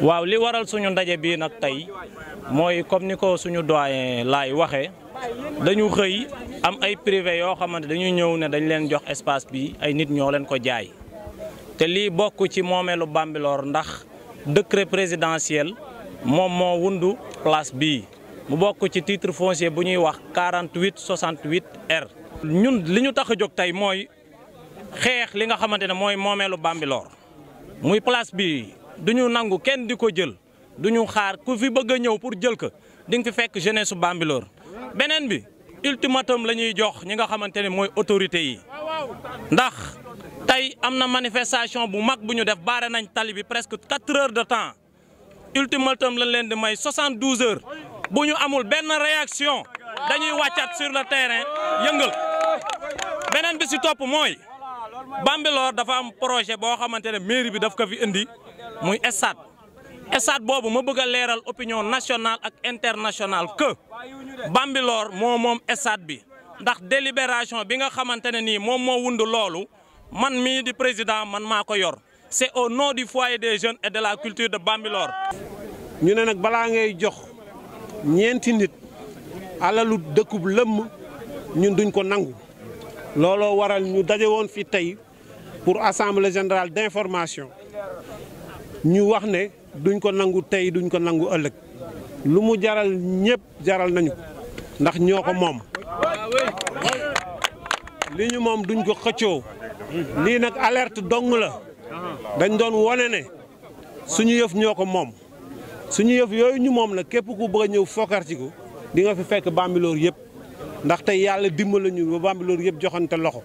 waaw li waral suñu ndaje bii nag tey mooy comme ni ko suñu doyen laay waxee dañu xëy am ay privé yoo xamante dañu ñëw ne dañ leen jox espace bi ay nit ñoo leen ko jaay te lii bokk ci moomeelu Bambilor ndax décret présidentiel moom moo wundu place bi mu bokk ci titre foncier bu ñuy wax 48 68 R. ñun li ñu tax a jóg tey mooy xeex li nga xamante ne mooy moomeelu Bambilor muy place bii. duñu nangu kenn di ko jël duñu xaar ku fi bëgg a ñëw pour jël ko di nga fi fekk jeunesse su Bambilor beneen bi ultimatum la ñuy jox ñi nga xamante ne mooy autorité yi ndax tey am na manifestation bu mag bu ñu def baare nañ tali bi presque quatre heures de temps ultimatum lañ leen di may soixante douze heures bu ñu amul benn réaction dañuy wàccaat sur le terrain yëngal beneen bi si topp mooy Bambilor dafa am projet bo xamantene mairie bi daf ko fi indi muy stade stade bobu ma bëgg léral opinion nationale ak internationale que Bambilor moo mom stade bi ndax délibération bi nga xamantene ni mom mo moo lolu, man mi di président man mako yor c'est au nom du foyer des jeunes et de la culture de Bambilor. ñu né nak bala ngay jox ñenti nit alalu dëkkub lëmm ñun duñ ko nangu. looloo waral ñu daje woon fi tey pour assemblée générale d'information ñu wax ne duñ ko nangu tey duñ ko nangu ëllëg lu mu jaral ñépp jaral nañu ndax ñoo ko moom li ñu moom duñ ko xëccoo lii nag alerte dong la dañ doon wone ne suñu yëf ñoo ko moom suñu yëf yooyu ñu moom la képp ku bëgg a ñëw ko di nga fi fekk Bambilor yépp ndax tey yàlla dimbali ñu ba Bambilor yëpp joxante loxo